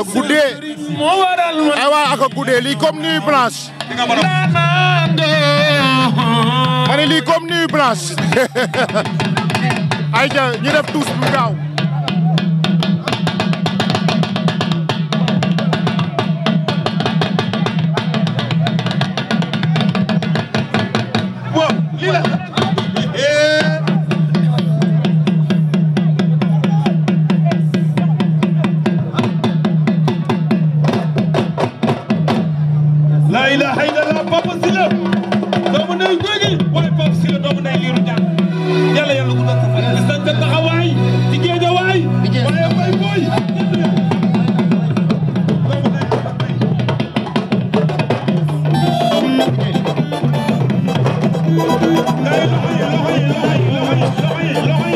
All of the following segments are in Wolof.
aka guddee ay waay aka guddee lii comme nuit blanche ma ne lii comme nuit blanche ay ja ñu def tous bu gaaw lii la ngay jógi waaye Pape Sylla doomu ndey liiru jàng yàlla yàlla ku doon fa gis nañ sa taxawaay ci géeja waay waaye bay booy Loxo yi loxo yi loxo yi loxo yi loxo yi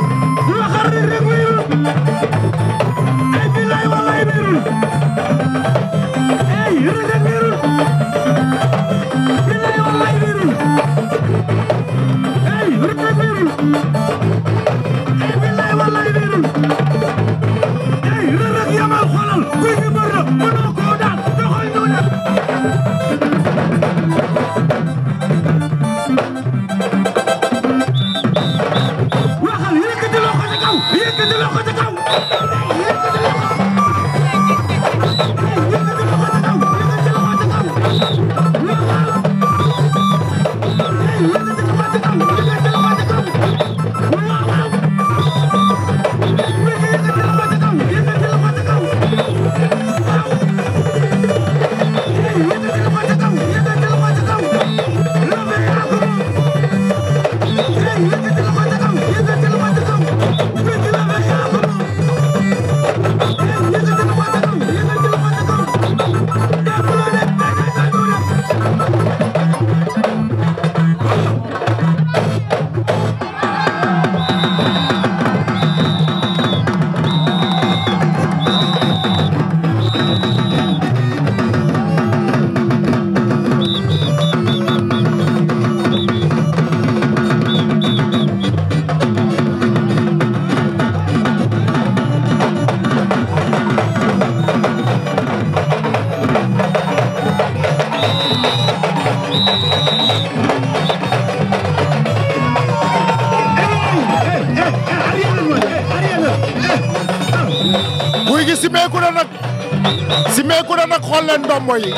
si meeku na nag xool leen ndombo yi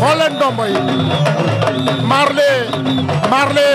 xool leen ndombo yi Marley Marley